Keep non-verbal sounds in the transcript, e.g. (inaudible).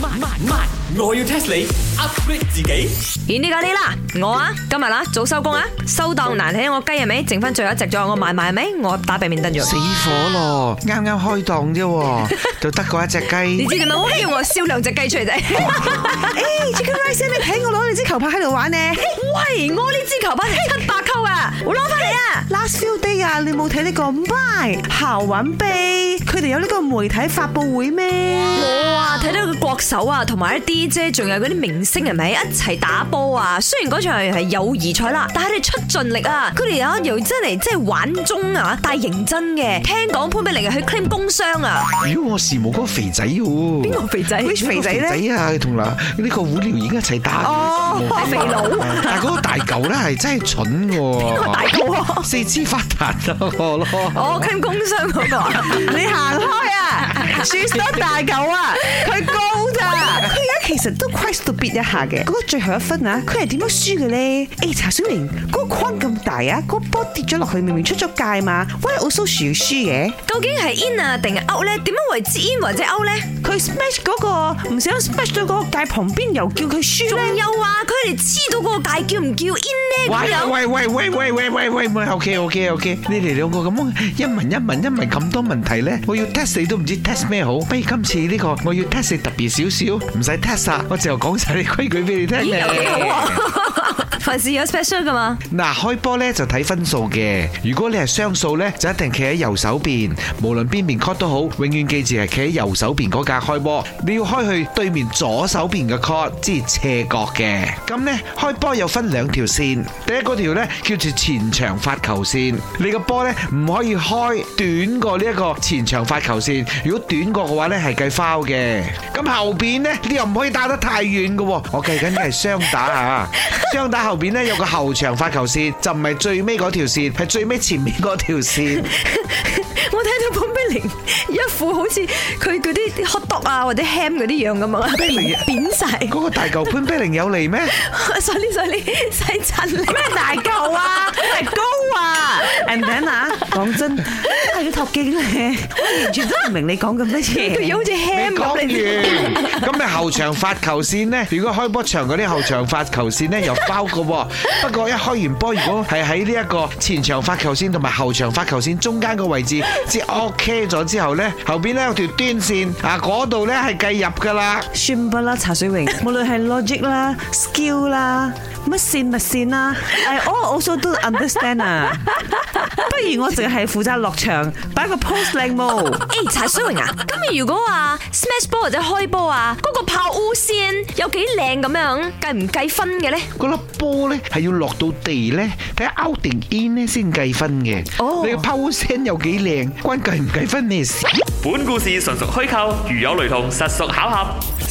賣賣，我要 test 你 upgrade 自己。演啲咖喱啦，我啊今日啦早收工啊，收檔難睇，我雞係咪？剩翻最後一隻咗，我賣賣係咪？我打鼻面燈咗。死火咯，啱啱開檔啫，就得嗰一隻雞。你知唔知點解要我燒兩隻雞出嚟啫？哎，Jackie Rice，你睇我攞你支球拍喺度玩呢？喂，我呢支球拍七八舊啊！我攞翻嚟啊！Last few day 啊，你冇睇呢個 MY？校運杯，佢哋有呢個媒體發布會咩？睇到個國手啊，同埋啲 DJ 仲有嗰啲明星係咪一齊打波啊？雖然嗰場係友誼賽啦，但係佢出盡力啊！佢哋啊由真係即係玩中啊，但係認真嘅。聽講潘碧玲係去 claim 工傷啊！妖，我羨慕嗰個肥仔哦，邊個肥仔？which 肥仔咧？啊，同埋呢個胡聊已經一齊打哦，大肥佬。但係嗰個大狗咧係真係蠢個，大狗四肢發達就咯。哦，claim 工傷嗰個，你行。至少大狗啊，佢高。其實都 close to beat 一下嘅，嗰個最後一分啊，佢係點樣輸嘅咧？誒，查小玲，嗰個框咁大啊，嗰個波跌咗落去，明明出咗界嘛，why Osoh 要輸嘅？究竟係 in 啊定係 out 咧？點樣為之 in 或者 out 咧？佢 smash 嗰個唔想 smash 到嗰個界旁邊，又叫佢輸。仲有話佢哋黐到嗰個界叫唔叫 in 咧？喂喂喂喂喂喂喂，唔係 OK OK OK，你哋兩個咁一問一問一問咁多問題咧，我要 test 你都唔知 test 咩好？不如今次呢個我要 test 你特別少少，唔使 test。我就講晒啲規矩俾你聽。 (laughs) 凡事有 special 噶嘛？嗱，開波咧就睇分數嘅。如果你係雙數咧，就一定企喺右手邊。無論邊邊 court 都好，永遠記住係企喺右手邊嗰格開波。你要開去對面左手邊嘅 court，即係斜角嘅。咁咧開波又分兩條線。第一嗰條咧叫做前場發球線。你個波咧唔可以開短過呢一個前場發球線。如果短過嘅話咧係計 foul 嘅。咁後邊咧你又唔可以打得太遠嘅。我計緊你係雙打啊，雙打。後邊咧有個後場發球線，就唔係最尾嗰條線，係最尾前面嗰條線。我睇到潘貝玲一副好似佢嗰啲 hot dog 啊或者 ham 嗰啲樣咁啊，潘比扁晒。嗰個大球，潘貝玲有嚟咩？使呢使呢使真咩？勁咧！我完全都唔明你講咁多嘢，好似喊咁。講完，咁你後場發球線呢？如果開波場嗰啲後場發球線呢，又包噶。不過一開完波，如果係喺呢一個前場發球線同埋後場發球線中間個位置，即 ok 咗之後呢，後邊呢有條端線啊，嗰度呢係計入噶啦。算不啦，茶水榮，無論係 logic 啦，skill 啦。乜線咪線啦！I also do understand 啊。不如我淨係負責落場，擺個 post 靚冇？哎，查舒榮啊！咁你如果話，smash 波或者開波啊，嗰、那個炮烏線有幾靚咁樣計唔計分嘅咧？嗰粒波咧，係要落到地咧，睇下 out 定 in 咧先計分嘅。哦，oh. 你個拋烏線有幾靚，關計唔計分咩事？本故事純屬虛構，如有雷同，實屬巧合。